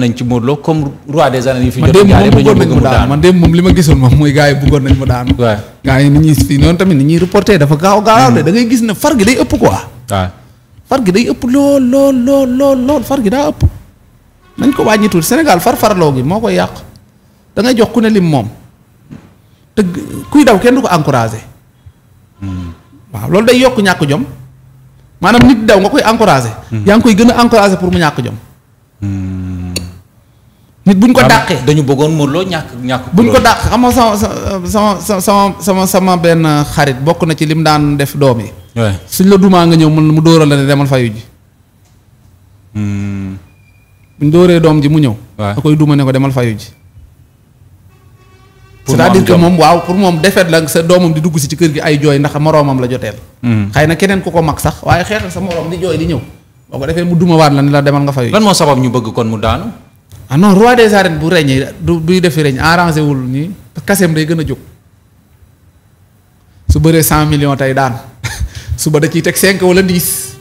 nañ ci Modou Lo comme roi des arènes yi fi jot jaaree ba ñu bëgg mu daanu man démb moom li ma gisoon moom mooy gars yi bëggoon nañ mu daanu waaw yi ni ñuy fii noonu tamit ni ñuy reporté dafa gaaw gaaw de mm. da gis ne far gi day ëpp quoi waaw far gi day ëpp lool lool lool lool far gi daa ëpp nañ ko wàññi tuuti Sénégal far farloo gi moo koy yàq da ngay jox ku ne lim moom te kuy daw kenn du ko encouragé mm. waaw loolu day yokk ñàkk jom maanaam nit daw nga koy encouragé mm. yaa ngi koy gën a encouragé pour mu ñàkk jom nit bu buñ ko dàqee dañu bëggoon Modou Lo ñàkk ñàkk. buñ ko dàq xam nga sama sama sama sama sama benn xarit bokk na ci li mu daan def doom yi. suñ la dumaa nga ñëw mu dóoral la ne demal fayu ji. Hmm. buñ dóoree doom ji mu ñëw. da koy duma ne ko demal fayu ji. c'est-à-dire que moom waaw pour moom defet la sa doomam di dugg si ci kër gi ay jooy ndax moroomam la joteel. Hmm. xëy na keneen ku ko mag sax waaye xeexal sa moroom di jooy di ñëw boo ko defee mu duma waat la ne la demal nga fayu ji. lan moo sabab ñu bëgg kon mu daanu. ah non roi des arènes bu règne du buy defi règne arrangé wul nii kaseem day gën a jóg su bëree cent million tey daan suba da ciy teg cinq wala dix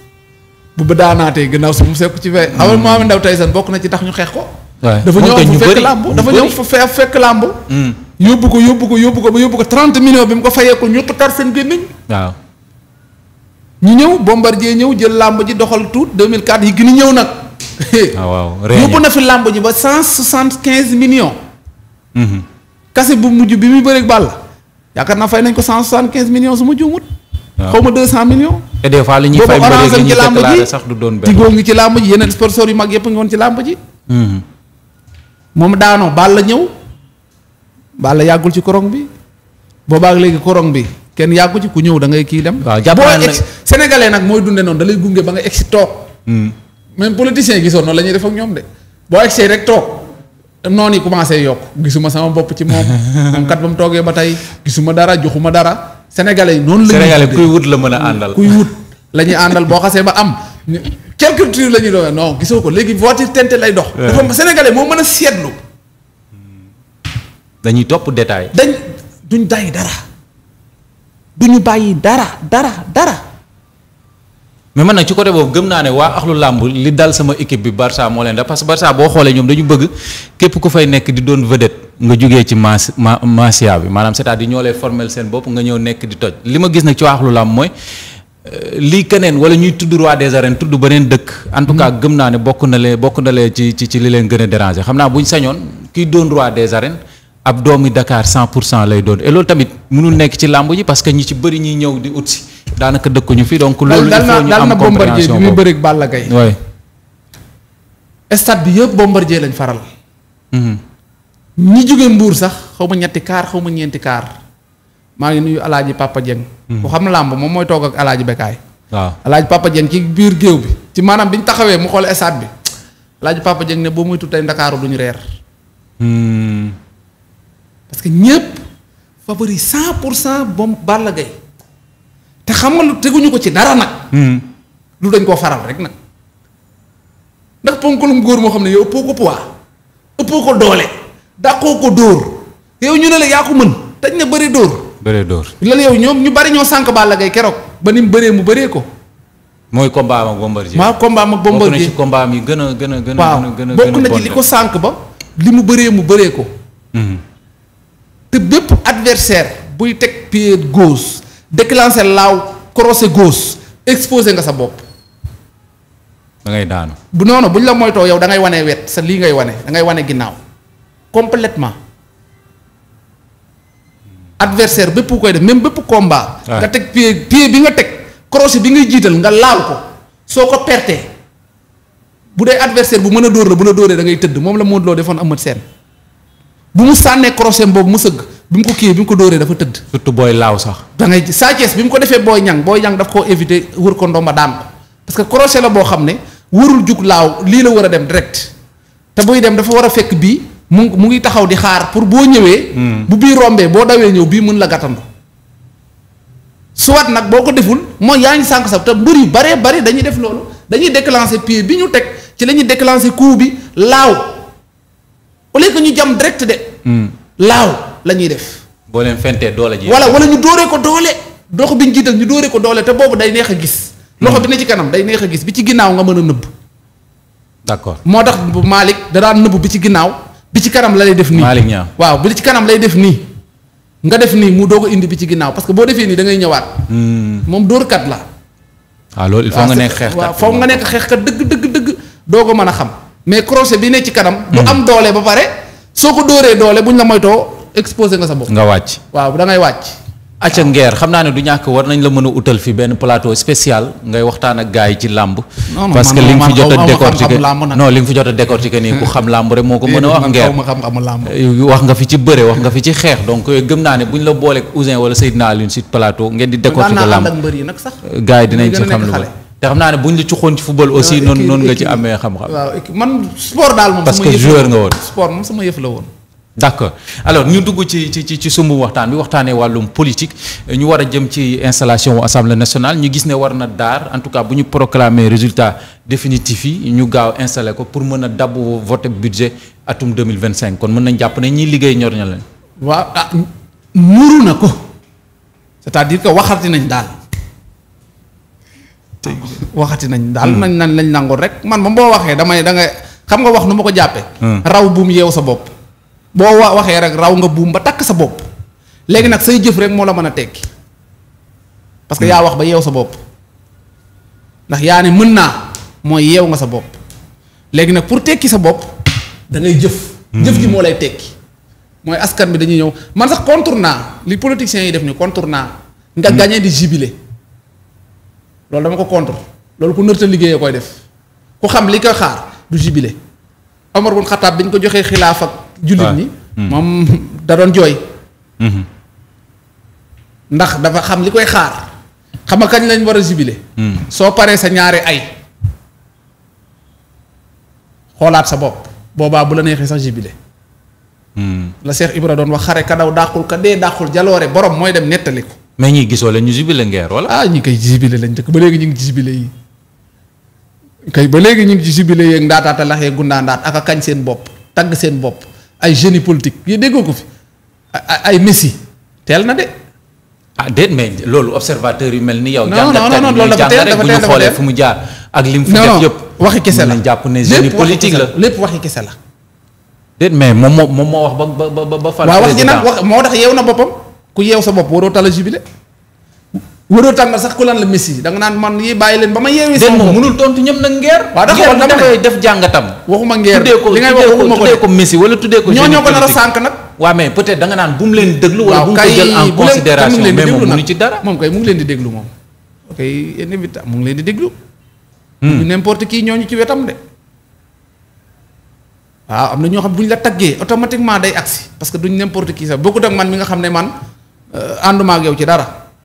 bu ba daanaatee gannaaw su mu sekk ci fee xamal hmm. Mohamed Ndao Tyson bokk na ci tax ñu xeex ko dafa ñëw fu fekk làmb dafa ñëw fu fekk làmb yóbbu ko yóbbu ko yóbbu ko ba yóbbu ko trente millions bi mu ko fayee ko ñu xatar seen gémmiñ waaw ñu ñëw jee ñëw jël làmb ji doxal tuut 2004 yi gën a ñëw nag Ah, waaw yóbbu na fi làmb ji ba cent soixante quinze millions. Mhm. kase bu mujj bi muy bëreeg Balla yaakaar naa fay nañ ko cent soixante quinze millions su ma juumut. waaw xaw ma deux cent millions. te des fois li ñuy fay mbëre gi ñuy déclaré sax du doon benn boobu ngi ci làmb ji yeneen sponsors yu mag yëpp ngi woon ci làmb ji. Mhm. moom daanoo la ñëw Balla yàggul ci korong bi boobaag léegi korong bi kenn yàggu ci ku ñëw da ngay kii dem. waaw jàpp naa ne boo egg sénégalais nag mooy dundee noonu da gunge ba nga egg si toog. Mhm. même politiciens yi gisoon noonu la ñuy def ñoom de boo egsee rek toog noonu yi commencé yokk gisuma sama bopp ci moom moom kat ba mu toogee ba tey gisuma dara joxuma dara sénégalais yi noonu. la ñuy sénégalais wut la mën a àndal kuy wut la ñuy àndal boo xasee ba am. quelle culture la ñuy doon non gisoo ko léegi voiture tente lay dox. dafa sénégalais moo mën a seetlu. Hmm. dañuy topp détail. dañ duñ bàyyi dara duñu bàyyi dara dara dara mais man nag ci côté boobu gëm naa ne waa axlu làmb li dal sama équipe bi Barça moo leen da parce que Barça boo xoolee ñoom dañu bëgg képp ku fay nekk di doon vedette nga jógee ci mas ma bi maanaam c'est-à-dire ñoo lay formel seen bopp nga ñëw nekk di toj li ma gis nag ci waa axlu làmb mooy euh, lii keneen wala ñuy tudd roi des arènes tudd beneen dëkk. en tout cas gëm naa ne bokk na lee bokk na lee ci ci li leen gën a déranger xam naa bu ñu sañoon kiy doon roi des arènes ab doomi Dakar pour cent lay doon loolu tamit mënul nekk ci làmb ji parce que ñi ci bëri ñuy ñëw ut si daanaka dëkkuñu fii donc. loolu il faut ñu am compréhension boobu dal bi muy bëri ak Balla Gaye. bi yëpp Bombardier lañ faral. Mhm. ñi jóge Mbuur sax xaw ma ñetti kaar xaw ma ñeenti kaar maa ngi nuyu Alaaji Papa Dieng. Mhm. ku xam làmb moom mooy toog ak Alaaji Bekaay. waaw Alaaji Papa Dieng ci biir géew bi. ci maanaam bi ñu taxawee mu xool stade bi Alaaji Papa Dieng ne boo muy tey Ndakaaru duñu reer. Hmm. parce que ñëpp favori 100 pour cent bom Balla Gaye te xam nga lu teguñu ko ci dara nag. Hmm. lu dañ koo faral rek nag ndax ponk ponkalum góor moo xam ne yow ëppoo ko poids ëppoo ko doole dàqoo ko dóor yow ñu ne la yaa ko mën tañ na bëri dóor. bëree dóor lan yow ñoom ñu bari ñoo sànq Balla Gaye keroog ba ni mu bëree mu bëree ko. mooy combat am ak Bombardier. waaw combat am ak ci combat am yi gën a gën a gën a. waaw bokk na ci li ko sànq ba li mu bëree mu bëree ko. Hmm. te bépp adversaire buy teg pied gauche déclencher laaw croisé gauche exposé nga sa bopp. dangay daanu. bu noonu buñ la moytoo yow da ngay wane wet sa lii ngay wane dangay wane ginnaaw complètement adversaire bépp koy def même bépp combat. nga teg pied pied bi nga teg croisé bi ngay jiital nga laal ko soo ko perte bu dee adversaire bu mën a dóor la bu la dóoree da tëdd moom la Modou Lo defoon Eumeu Sène bu mu sànnee crochet boobu mu sëgg bi mu ko kiiyee bi ko dóoree dafa tëdd. surtout booy laaw sax. dangay ngay Sa bi mu ko defee booy ñang booy ñang daf koo éviter wër ko ndomba daan ko parce que crochet la boo xam ne wërul jug laaw lii la war a dem direct te buy dem dafa war a fekk bii mu mu ngi taxaw di xaar pour boo ñëwee. Hmm. bu bii rombee boo dawee ñëw bii mën la gàttandu. soit nag boo ko deful mooy yaa ngi sànq sax te mbër yu baree bari dañuy def loolu dañuy déclencher pied bi ñu teg ci la ñuy déclencher coup bi laaw. au lieu ñu jam direct de. Hmm. laaw la ñuy def. boo leen fentee doole ji. voilà wala ñu dooree ko doole. dox bi ñu jiital ñu dooree ko doole te boobu day neex a gis. Hmm. loxo bi ne ci kanam day neex a gis bi ci ginnaaw nga mën a nëbb. d'accord moo tax Malick da daan nëbb bi ci ginnaaw bi ci kanam la lay def. nii Malick Niang waaw bi ci kanam lay def nii. nga def nii mu doog ko indi bi ci ginnaaw parce que boo defee nii da ngay ñëwaat. Hmm. moom dóorkat la. waaw ah, loolu il faut ah, nga nekk xeex waaw foog nga nekk xeex xeexkat dëgg dëgg dëgg doo ko mën a xam. mais crochet bi ne ci kanam. du am doolee ba pare soo ko dóoree doole buñ la moytoo exposé nga sa bopp. nga wàcc waaw da ngay wàcc. acca ngeer xam naa ne du ñàkk war nañ la mën a utal fi benn palato spécial ngay waxtaan a gars yi ci làmb parce que li nga fi jot a décortiquer non li nga fi jot a décortiquer nii ku xam làmb rek moo ko mën a wax ngeer wax nga fi ci bëre wax nga fi ci xeex donc gëm naa ne bu ñu la booleeg Ousin wala Seydina Alioune si plateau ngeen di décortiquer làmb gars yi dinañ ci xam lu te xam naa ne bu ñu la cuxoon ci football aussi noonu noonu nga ci amee xam-xam. waaw man sport daal moom. parce que joueur nga woon sport moom sama yëf la woon. d' accord alors ñu dugg ci ci ci sumb waxtaan bi waxtaanee wàllum politique ñu war a jëm ci installation wu assemblée nationale ñu gis ne war na daar en tout cas bu ñu proclamer résultat définitif yi ñu gaaw installé ko pour mën a dabb vote budget atum 2025 kon mën nañ jàpp ne ñi liggéey ñor ña leen. waaw ah na ko. c' est à dire nañ daal. waxati nañ daal hmm. nañ nañ lañ nangoon rek man moom boo waxee damay da nga xam nga wax nu ma ko jàppee. Hmm. raw buum yeew sa bopp. boo wa waxee rek raw nga buum ba takk sa bopp léegi nag say jëf rek moo la mën a tekki parce que hmm. yaa wax ba yeew sa bopp ndax yaa ne mën naa mooy yeew nga sa bopp léegi nag pour tekki sa bopp da ngay jëf. jëf ji moo lay tekki mooy askan bi dañuy ñëw man sax contour naa li politiciens yi def ñu contour naa nga gagné di jubilé. loolu dama ko contre loolu ku nërta liggéeyee koy def ku xam li koy xaar du jubile Omar bun Xataab bi ñu ko joxee xilaaf ak jullit ñi hmm. moom da doon jooy hmm. ndax dafa xam li koy xaar xam nga kañ lañ war a jubile hmm. soo paree sa ñaari ay xoolaat sa bopp boobaa bu la neexee sax jubile la Cheikh Ibra doon wax xare ka daw dàqul ka dee dàqul jaloore borom mooy dem nettali ko mais ñuy gisoo leen ñu ngeer wala. ah ñi koy jubilé lañ dëkk ba léegi ñu ngi ci jubilé yi kay ba léegi ñu ngi ci jubilé yeeg ndaataata lax yeeg gundaa ndaat ak a kañ seen bopp tagg seen bopp ay génie politique yi déggoo ko fi ay messi teel na de. ah déet mais loolu observateur yu mel ni yow. non dafa teel dafa teel bu ñu xoolee fu mu jaar ak lim. fu def yëpp waxi kese la jàpp ne génie politique la lépp waxi kese la. déet mais moom moo moom moo wax ba ba ba ba. waaw wax ji nag wax moo tax yeew na boppam ku yeew sa bopp waroo tala jibile waroo tàngal sax ku lan la messi da nga naan man yi bàyyi leen ba ma yeewee sama bopp mënul tontu ñëpp nag ngeer waaw d'accord dama ne def jàngatam waxuma ngeer li ngay wax waxuma ko tuddee ko messi wala tuddee ko ñoo ñoo ko nar a sànq nag waaw mais peut-être da déglu wala bu mu ko jël ci wetam de waaw am ñoo bu ñu la taggee automatiquement day agsi parce que duñ n'importe qui sax bokkut ak man mi nga xam ne man ànduma ak yow ci dara